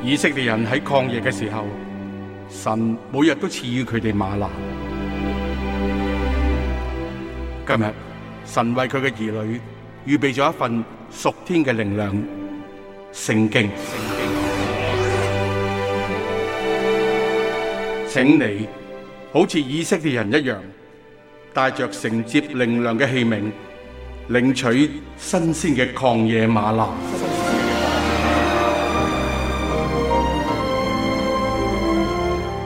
以色列人喺曠野嘅時候，神每日都賜予佢哋嗎哪。今日，神為佢嘅兒女預備咗一份屬天嘅靈糧——聖經。請你好似以色列人一樣，帶着承接靈糧嘅器皿，領取新鮮嘅曠野嗎哪。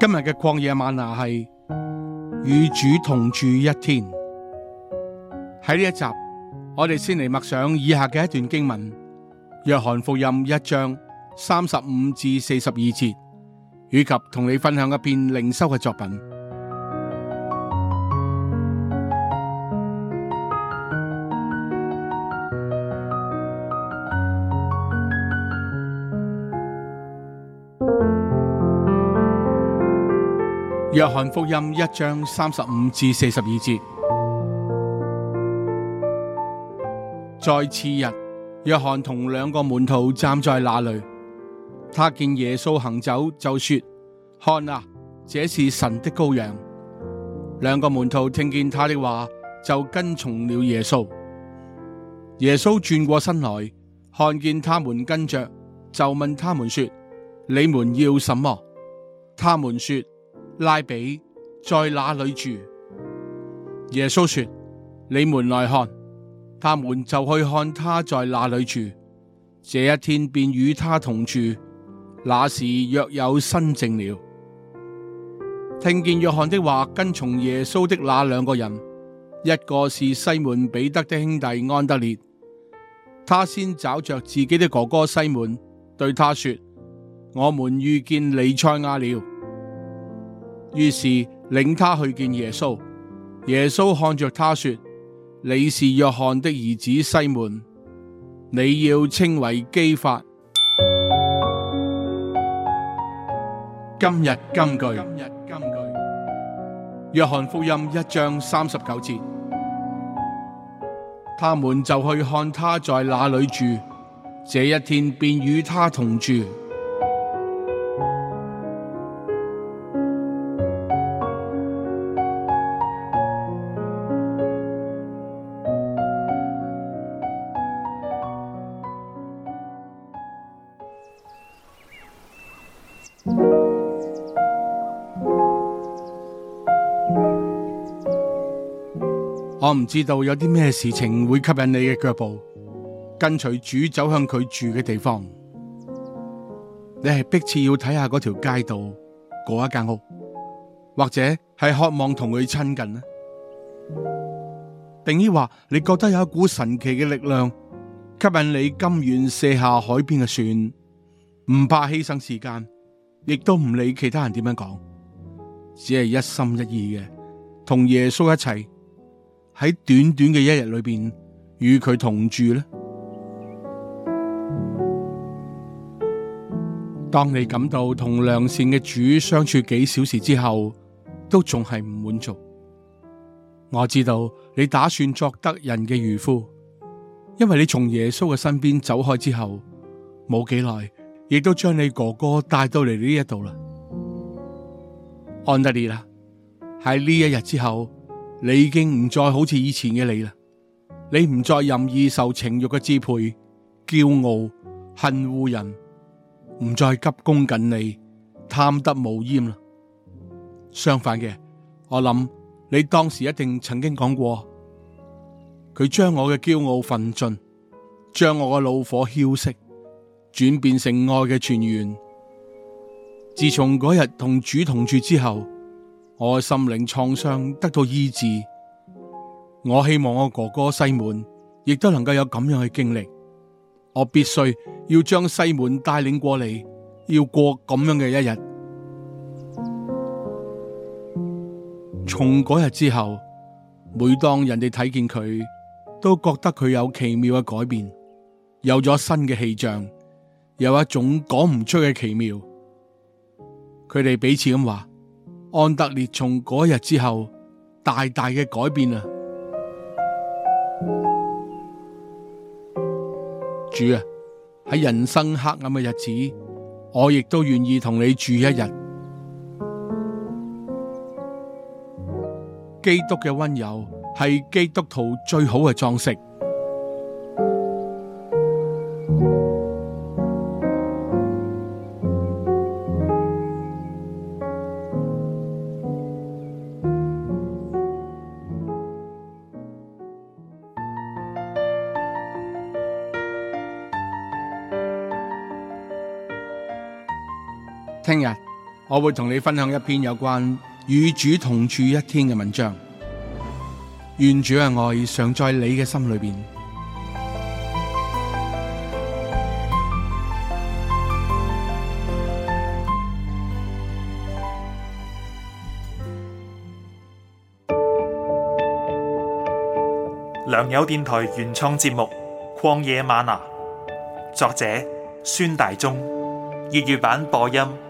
今日嘅曠野嗎哪係與主同住一天。喺呢一集，我哋先嚟默想以下嘅一段經文：約翰福音一章三十五至四十二節，以及同你分享一篇靈修嘅作品。約翰福音一章三十五至四十二節。再次日，約翰同兩個門徒站在那裏，他見耶穌行走，就說：看啊，這是神的羔羊。兩個門徒聽見他的話，就跟從了耶穌。耶穌轉過身來，看見他們跟着，就問他們說：你們要什麼？他們說。.拉比在哪裏住？耶穌說：你們來看，他們就去看他在哪裏住。這一天便與他同住。那時約有申初了，聽見約翰的話，跟從耶穌的那兩個人，一個是西門彼得的兄弟安得烈，他先找着自己的哥哥西門，對他說：我們遇見彌賽亞了。於是領他去見耶穌，耶穌看着他說：你是約翰的兒子西門，你要稱為基法。今日金句，約翰福音一章三十九節。他們就去看他在哪裏住，這一天便與他同住。我唔知道有啲咩事情會吸引你嘅腳步，跟隨主走向佢住嘅地方。你係迫切要睇下嗰條街道，嗰一間屋，或者係渴望同佢親近呢？定於話你覺得有一股神奇嘅力量吸引你，甘願卸下海邊嘅船，唔怕犧牲時間，亦都唔理其他人點樣講，只係一心一意嘅同耶穌一齊。喺短短嘅一日裏邊，與佢同住呢。當你感到同良善嘅主相處幾小時之後，都仲係唔滿足。我知道你打算作得人嘅漁夫，因為你從耶穌嘅身邊走開之後，冇幾耐，亦都將你哥哥帶到嚟呢一度啦。安德烈啦，喺呢一日之後。你已經唔再好似以前嘅你啦，你唔再任意受情欲嘅支配，驕傲、恨污人，唔再急功近利、貪得無厭啦。相反嘅，我諗你當時一定曾經講過，佢將我嘅驕傲焚盡，將我嘅怒火消息，轉變成愛嘅泉源。自從嗰日同主同住之後。我嘅心靈創傷得到醫治，我希望我哥哥西門亦都能夠有咁樣嘅經歷。我必須要將西門帶領過嚟，要過咁樣嘅一日。從嗰日之後，每當人哋睇見佢，都覺得佢有奇妙嘅改變，有咗新嘅氣象，有一種講唔出嘅奇妙。佢哋彼此咁話。安德烈從嗰日之後，大大嘅改變啊！主啊，喺人生黑暗嘅日子，我亦都願意同你住一日。基督嘅溫柔係基督徒最好嘅裝飾。聽日我會同你分享一篇有關與主同住一天嘅文章，願主嘅愛常在你嘅心裏邊。良友電台原創節目《曠野嗎哪》，作者孫大中，粵語版播音。